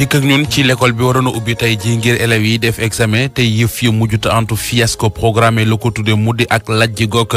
dikk ak ñun ci l'école bi waroon a ubbi tey ji ngir élèves yi def examen te yëf yi mujj ta antu fiasco programme la ko tuddee mu di ak lajj gokk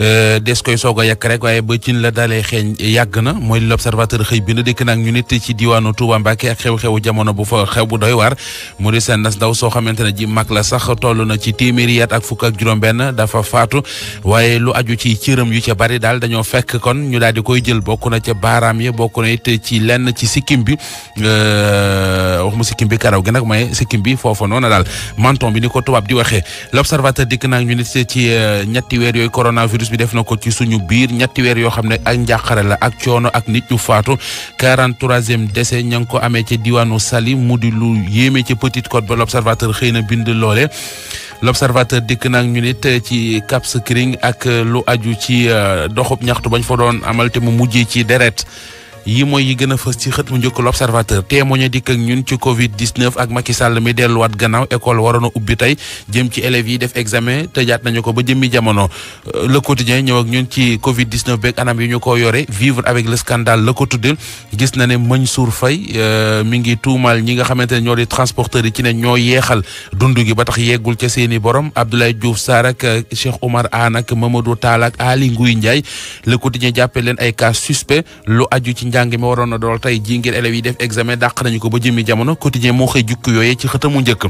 euh, des koy soog a yàq rek waaye ba cin la dalee xeeñ yàgg na mooy l'observateur xëy bi na dëkk nag ñu nit ci diwaanu Touba Mbacké ak xew-xewu jamono bu fa xew bu doy waar mu di seen nas ndaw soo xamante ne ji mag la sax tollu na ci téeméeri at ak fukk ak juróom-benn dafa faatu waaye lu aju ci cëram yu ca bari daal dañoo fekk kon ñu daal di koy jël bokk na ca baaraam ya bokk na it ci lenn ci sikkim bi euh, Euh, waxuma sikkim bi karaw gi nag mooy sikkim bi foofa noonu daal menton bi ni ko tubaab di waxee l'observateur dikk naag ñu nit ci euh, ñetti weer yooyu coronavirus bi def na ko ci suñu biir ñetti weer yoo xam ne ak njàqare la ak coono ak nit ñu faatu 43e décès ña ngi ko amee ci diwaanu sali mu di lu yéeme ci Petite Côte ba l'observateur xëy na bind loole l'observateur dikk naag ñu nit ci Cap Skirring ak lu aju ci euh, doxub ñaxtu bañ fa doon amal te mu mujjee ci deret yi mooy yi gën a fës ci xët mu njëkk l'observateur témoigné dikk ak ñun ci covid 19 ak Macky mi delluwaat gannaaw école waroon a ubbi tey jëm ci élèves yi def examen tëjaat nañu ko ba jëmmi jamono euh, le quotidien ñun ci covid 19 beeg anam yi ñu ko yore vivre avec le scandale la gis na ne Mansour Faye euh, mi ngi tuumaal ñi nga xamante ne ñoo di transporteurs yi ci ne ñoo yeexal dund gi ba tax yeggul ca seeni borom Abdoulaye Diouf Sarr ak euh, Cheikh Oumar Anne ak Mamadou Tall ak Ali Nguy Ndiaye le quotidien jàppe leen ay cas suspect lu aju ci njàng mi waroon na dool tey jii ngir élèves yi def examen dàq nañu ko ba jëmi jamono quotidien moo xëy jukki yooyee ci xëtamu njëkk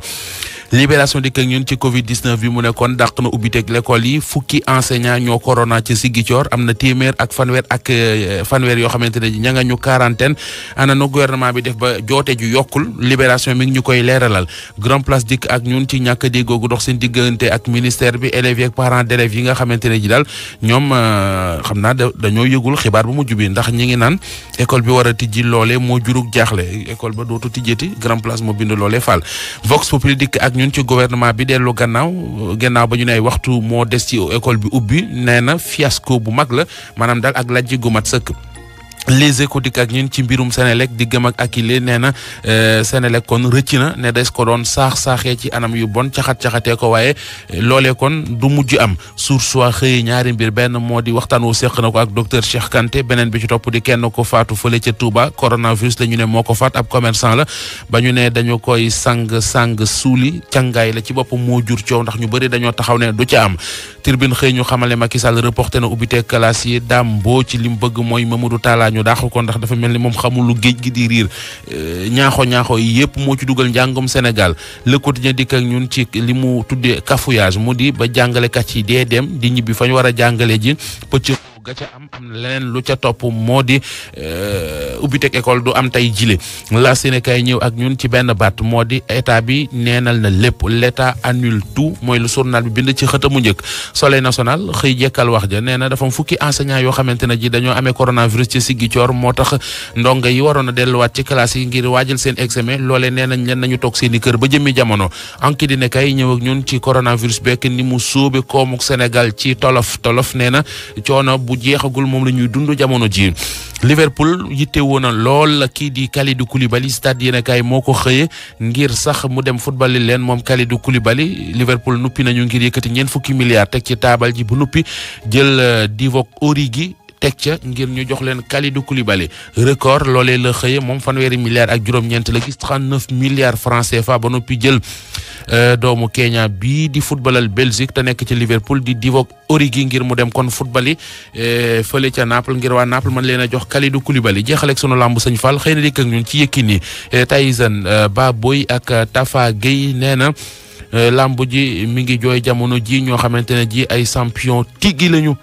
libération di ak ñun ci covid 19 bi mu ne kon dàq na ubbiteeg l'école yi fukki enseignant ñoo corona ci Ziguinchor am na téeméer ak fanweer ak euh, fanweer yoo xamante ne ña nga ñu quarantaine ana na gouvernement bi def ba joote ju yokkul libération mi ñu koy leeralal grand place dikk ak ñun ci ñàkk déggoo gu dox seen diggante ak ministère bi élèves yi ak parents yi nga xamante ne ji daal ñoom euh, xam naa dañoo yëgul xibaar bu mujj bi ndax ñi ngi naan école bi war a tijji loolee moo jurug jaaxle école ba dootu tijjati grand place moo bind loolee faal ñun ci gouvernement bi dellu gannaaw gannaaw ba ñu ne waxtu moo des ci école bi ubbi nee na fiasco bu mag la maanaam daal ak lajj gu mat sëkk. les échos dikk ak ñun ci mbirum Senelec di gëm ak Akile nee na euh, Senelec kon rëcc na ne des ko doon saax saaxee ci anam yu bon caxat caxatee ko waaye euh, loole kon du mujj am source waa xëy ñaari mbir benn moo di waxtaan wu seq na ko ak docteur Cheikh beneen bi ci topp di kenn ko faatu fële ca Touba coronavirus la ñu ne moo ko faat ab commerçant la ba ñu ne dañu koy sang sang suuli cangaay la ci bopp moo jur coow ndax ñu bëri dañoo taxaw ne du ca am. tribune xëy ñu xamale Macky Sall reporté na ubbite classe yi daam boo ci li mu bëgg mooy Mamadou Talla ñu dàq ko ndax dafa mel ni moom xamul lu géej gi di riir euh, ñaaxo ñaaxo yi yëpp moo ci dugal njàngum Sénégal le quotidien dikk ak ñun ci li mu tuddee cafouillage mu di ba jàngalekat yi dee dem di ñibbi fañ war a jàngale ji pëcc ga ca am am na leneen lu ca topp moo di euh, ubbiteg école du am tey jile la Sénégal ñëw ak ñun ci benn baat moo di état bi neenal na lépp l'état annule tout mooy lu journal bi bind ci xëtamu njëkk soleil national xëy jekkal wax ja nee na dafa fukki enseignant yoo xamante ne ji dañoo amee coronavirus ci Ziguinchor moo tax ndongo yi waroon a delluwaat ci classe yi ngir waajal seen examen loolee nee nañ leen nañu toog seen i kër ba jëmmi jamono anki di ne ñëw ak ñun ci coronavirus bekk ni mu sóobe koomuk Sénégal ci tolof nee na jeexagul moom la ñuy dund jamono ji Liverpool yitte woon na lool kii di Kalidou Koulibaly stade yéen a kaay moo ko xëyee ngir sax mu dem football leen moom Kalidou kulibali Liverpool nuppi nañu ngir yëkkati ñeent fukki milliards teg ci taabal ji bu nuppi jël euh, Divock Origi teg ca ngir ñu jox leen Kalidou Koulibaly record loole la xëye moom fanweeri milliards ak juróom-ñeent la gis 39 milliards francs CFA ba noppi jël euh, doomu Kenya bii di footballal Belgique te nekk ci Liverpool di Divock Origi ngir mu dem kon football yi euh, fële ca Naples ngir waa Naples man leen a jox Kalidou Koulibaly jeexaleeg sunu lamb sëñ Fall xëy na dikk ak ñun ci Yékini euh, Tyson Baboy ak Tafa Gueye nee na lamb ji mi ngi jooy jamono ji ñoo xamante ne ji ay champion tigi lañu